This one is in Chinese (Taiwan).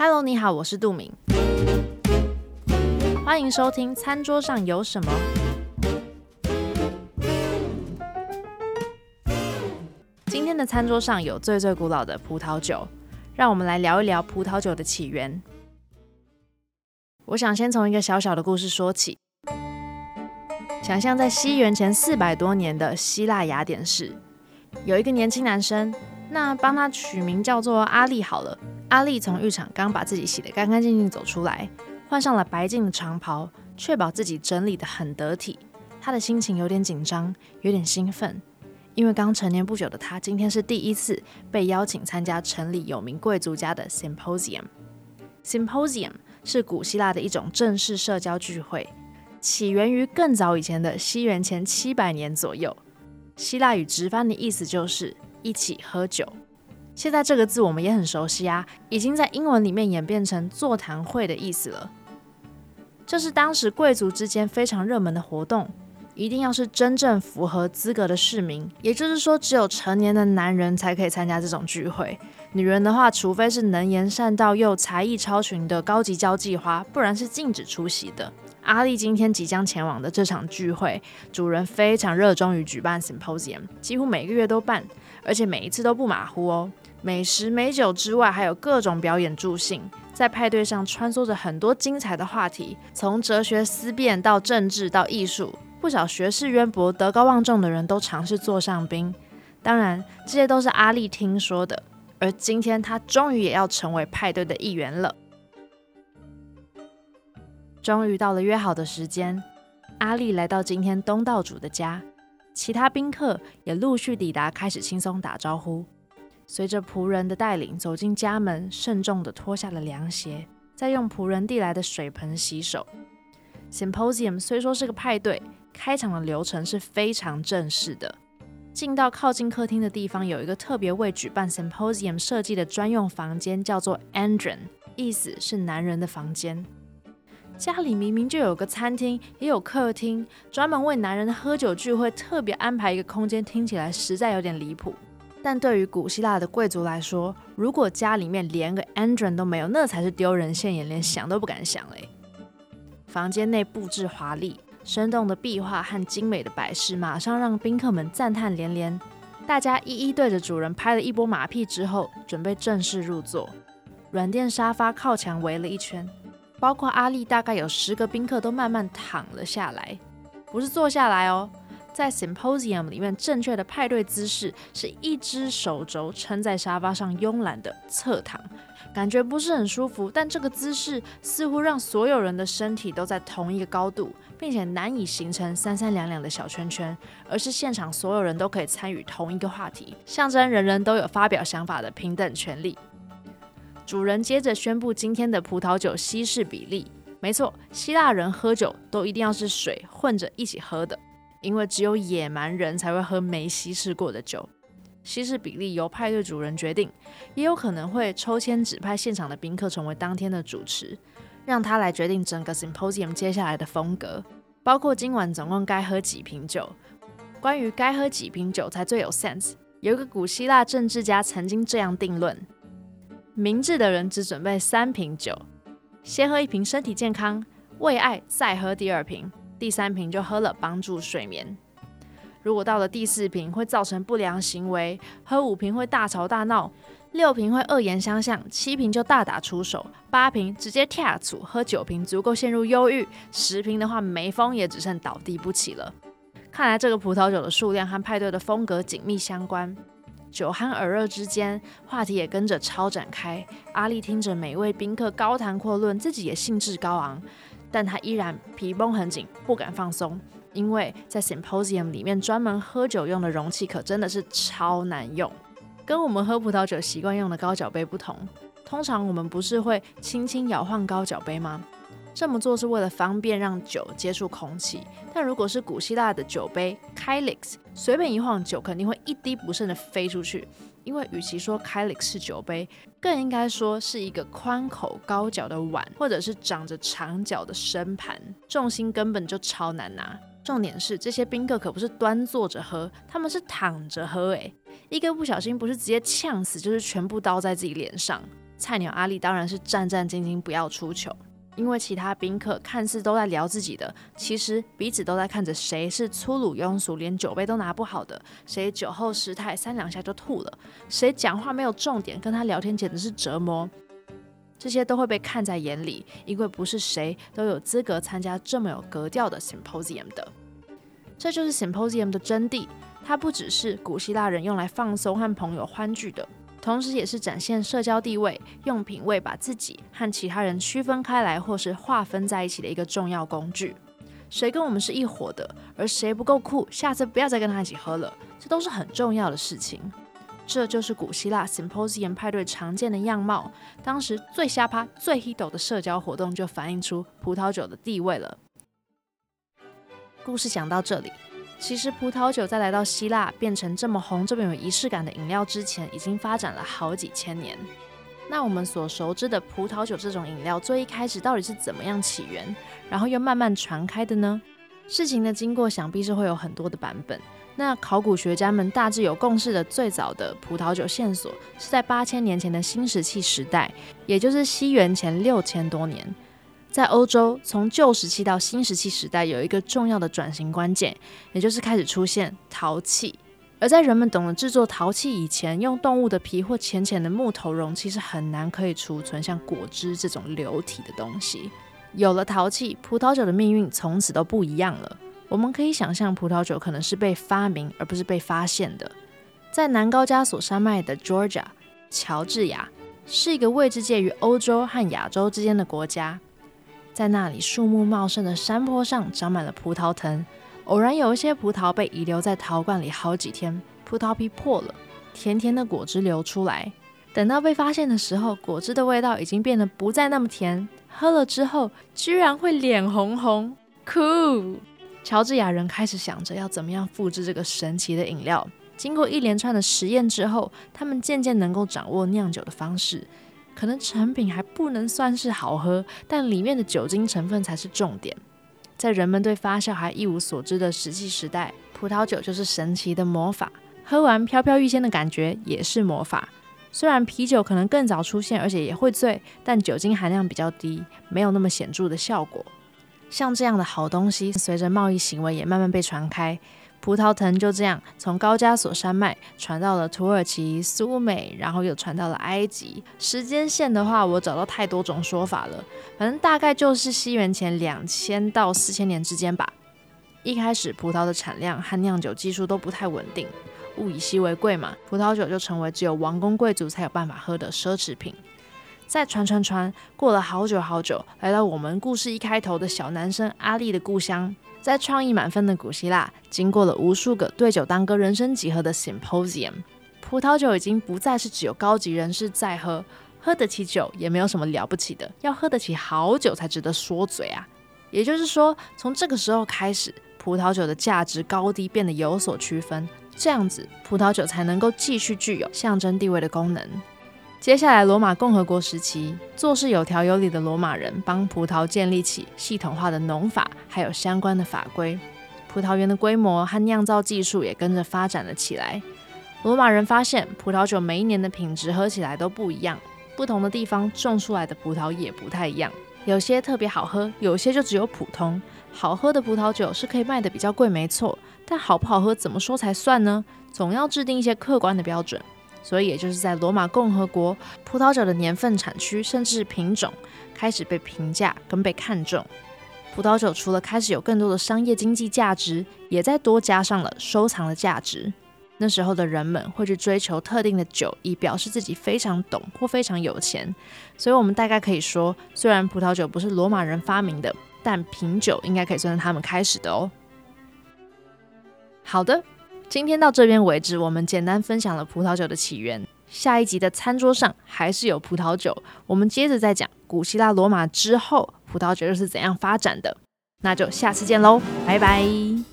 Hello，你好，我是杜明，歡迎收聽《餐桌上有什麼》。今天的餐桌上有最最古老的葡萄酒，讓我們來聊一聊葡萄酒的起源。我想先從一個小小的故事說起。想象在西元前四百多年的希臘雅典市，有一個年輕男生，那幫他取名叫做阿利好了。阿力從浴場剛把自己洗得乾乾淨淨走出來，換上了白淨的長袍，確保自己整理得很得體。他的心情有點緊張，有點興奮，因為剛成年不久的他今天是第一次被邀請參加城裡有名貴族家的 Symposium。Symposium 是古希臘的一種正式社交聚會，起源於更早以前的西元前七百年左右。希臘語直翻的意思就是一起喝酒。現在這個字我們也很熟悉啊，已經在英文裡面演變成座談會的意思了。這是當時貴族之間非常熱門的活動，一定要是真正符合資格的市民，也就是說，只有成年的男人才可以參加這種聚會。女人的話，除非是能言善道又才藝超群的高級交際花，不然是禁止出席的。阿麗今天即將前往的這場聚會，主人非常熱衷於舉辦 Symposium，幾乎每個月都辦，而且每一次都不馬虎哦。美食美酒之外，還有各種表演助興，在派對上穿梭着很多精彩的話題，從哲學思辨到政治到藝術，不少學識淵博、德高望重的人都嘗試座上賓。當然，這些都是阿力聽說的，而今天他終於也要成為派對的一員了。終於到了約好的時間，阿力來到今天東道主的家，其他賓客也陸續抵達，開始輕鬆打招呼。隨着僕人的帶領走進家門，慎重的脫下了涼鞋，再用僕人遞來的水盆洗手。Symposium 雖說是個派對，開場的流程是非常正式的。進到靠近客廳的地方，有一個特別為舉辦 Symposium 設計的專用房間，叫做 Andron，意思是男人的房間。家裡明明就有個餐廳，也有客廳，專門為男人喝酒聚會，特別安排一個空間，聽起來實在有點離譜。但對於古希臘的貴族來說，如果家裡面連個 Andron 都沒有，那才是丟人現眼，連想都不敢想嘞。房間內佈置華麗，生動的壁畫和精美的擺飾，馬上讓賓客們讚嘆連連。大家一一對着主人拍了一波馬屁之後，準備正式入座。軟墊沙發靠牆圍了一圈，包括阿力，大概有十個賓客都慢慢躺了下來，不是坐下來哦。在 Symposium 裡面，正確的派對姿勢是一隻手肘撐在沙發上，慵懶的側躺，感覺不是很舒服。但這個姿勢似乎讓所有人的身體都在同一個高度，並且難以形成三三兩兩的小圈圈，而是現場所有人都可以參與同一個話題，象徵人人都有發表想法的平等權利。主人接着宣布今天的葡萄酒稀釋比例，沒錯，希臘人喝酒都一定要是水混着一起喝的。因為只有野蠻人才會喝沒稀釋過的酒，稀釋比例由派對主人決定，也有可能會抽籤指派現場的賓客成為當天的主持，讓他來決定整個 symposium 接下來的風格，包括今晚總共該喝幾瓶酒。關於該喝幾瓶酒才最有 sense，有一個古希臘政治家曾經這樣定論：明智的人只準備三瓶酒，先喝一瓶身體健康，為愛再喝第二瓶。第三瓶就喝了，幫助睡眠。如果到了第四瓶，會造成不良行為；喝五瓶會大吵大鬧，六瓶會惡言相向，七瓶就大打出手，八瓶直接跳組，喝九瓶足夠陷入憂鬱，十瓶的話，沒瘋也只剩倒地不起了。看來這個葡萄酒的數量和派對的風格緊密相關。酒酣耳熱之間，話題也跟着超展開。阿麗聽着每位賓客高談闊論，自己也興致高昂。但他依然皮繃很緊，不敢放鬆，因為在 Symposium 裡面專門喝酒用的容器可真的是超難用，跟我們喝葡萄酒習慣用的高腳杯不同。通常我們不是會輕輕搖晃高腳杯嗎？這麼做是為了方便讓酒接觸空氣。但如果是古希臘的酒杯 Kylix，隨便一晃，酒肯定會一滴不剩的飛出去。因為與其說 Kylix 是酒杯，更應該說是一個寬口高腳的碗，或者是長着長腳的深盤，重心根本就超難拿。重點是這些賓客可不是端坐着喝，他們是躺着喝、欸，哎，一個不小心不是直接嗆死，就是全部倒在自己臉上。菜鳥阿力當然是戰戰兢兢，不要出糗。因為其他賓客看似都在聊自己的，其實彼此都在看着誰是粗魯庸俗，連酒杯都拿不好的；誰酒後失態，三兩下就吐了；誰講話沒有重點，跟他聊天簡直是折磨。這些都會被看在眼裡，因為不是誰都有資格參加這麼有格調的 Symposium 的。這就是 Symposium 的真諦，它不只是古希臘人用來放鬆和朋友歡聚的。同時，也是展現社交地位、用品味把自己和其他人區分開來，或是劃分在一起的一個重要工具。誰跟我們是一夥的，而誰不夠酷，下次不要再跟他一起喝了，這都是很重要的事情。這就是古希臘 Symposium 派對常見的樣貌，當時最瞎趴、最黑斗的社交活動就反映出葡萄酒的地位了。故事講到這裡。其實葡萄酒在來到希臘變成這麼紅、這麼有儀式感的飲料之前，已經發展了好幾千年。那我們所熟知的葡萄酒這種飲料，最一開始到底是怎麼樣起源，然後又慢慢傳開的呢？事情的經過想必是會有很多的版本。那考古學家們大致有共識的最早的葡萄酒線索，是在八千年前的新石器時代，也就是西元前六千多年。在歐洲，從舊石器到新石器時代有一個重要的轉型關鍵，也就是開始出現陶器。而在人們懂得制作陶器以前，用動物的皮或淺淺的木頭容器是很難可以儲存像果汁這種流體的東西。有了陶器，葡萄酒的命運從此都不一樣了。我們可以想象，葡萄酒可能是被發明而不是被發現的。在南高加索山脈的 Georgia 喬治亞，是一個位置介於歐洲和亞洲之間的國家。在那裡，樹木茂盛的山坡上長滿了葡萄藤。偶然有一些葡萄被遺留在陶罐裡好幾天，葡萄皮破了，甜甜的果汁流出來。等到被發現的時候，果汁的味道已經變得不再那麼甜。喝了之後，居然會臉紅紅。Cool！喬治亞人開始想着要怎麼樣複製這個神奇的飲料。經過一連串的實驗之後，他們漸漸能夠掌握釀酒的方式。可能成品還不能算是好喝，但裡面的酒精成分才是重點。在人們對發酵還一無所知的石器時代，葡萄酒就是神奇的魔法。喝完飄飄欲仙的感覺也是魔法。雖然啤酒可能更早出現，而且也會醉，但酒精含量比較低，沒有那麼顯著的效果。像這樣的好東西，隨着貿易行為也慢慢被傳開。葡萄藤就這樣從高加索山脈傳到了土耳其、蘇美，然後又傳到了埃及。時間線的話，我找到太多種說法了，反正大概就是西元前兩千到四千年之間吧。一開始，葡萄的產量和釀酒技術都不太穩定，物以稀為貴嘛，葡萄酒就成為只有王公貴族才有辦法喝的奢侈品。再傳傳傳，過了好久好久，來到我們故事一開頭的小男生阿力的故鄉。在創意滿分的古希臘，經過了無數個對酒當歌、人生幾何的 Symposium，葡萄酒已經不再是只有高級人士在喝，喝得起酒也沒有什麼了不起的，要喝得起好酒才值得說嘴啊。也就是說，從這個時候開始，葡萄酒的價值高低變得有所區分，這樣子葡萄酒才能夠繼續具有象徵地位的功能。接下來，羅馬共和國時期，做事有條有理的羅馬人幫葡萄建立起系統化的農法，還有相關的法規。葡萄園的規模和釀造技術也跟着發展了起來。羅馬人發現，葡萄酒每一年的品質喝起來都不一樣，不同的地方種出來的葡萄也不太一樣，有些特別好喝，有些就只有普通。好喝的葡萄酒是可以賣得比較貴，沒錯，但好不好喝怎麼說才算呢？總要制定一些客觀的標準。所以，也就是在羅馬共和國，葡萄酒的年份、產區，甚至是品種開始被評價跟被看重。葡萄酒除了開始有更多的商業經濟價值，也再多加上了收藏的價值。那時候的人們會去追求特定的酒，以表示自己非常懂或非常有錢。所以，我們大概可以說，雖然葡萄酒不是羅馬人發明的，但品酒應該可以算是他們開始的哦。好的。今天到這邊為止，我們簡單分享了葡萄酒的起源。下一集的餐桌上還是有葡萄酒，我們接着再講古希臘、羅馬之後葡萄酒又是怎樣發展的。那就下次見嘍，拜拜。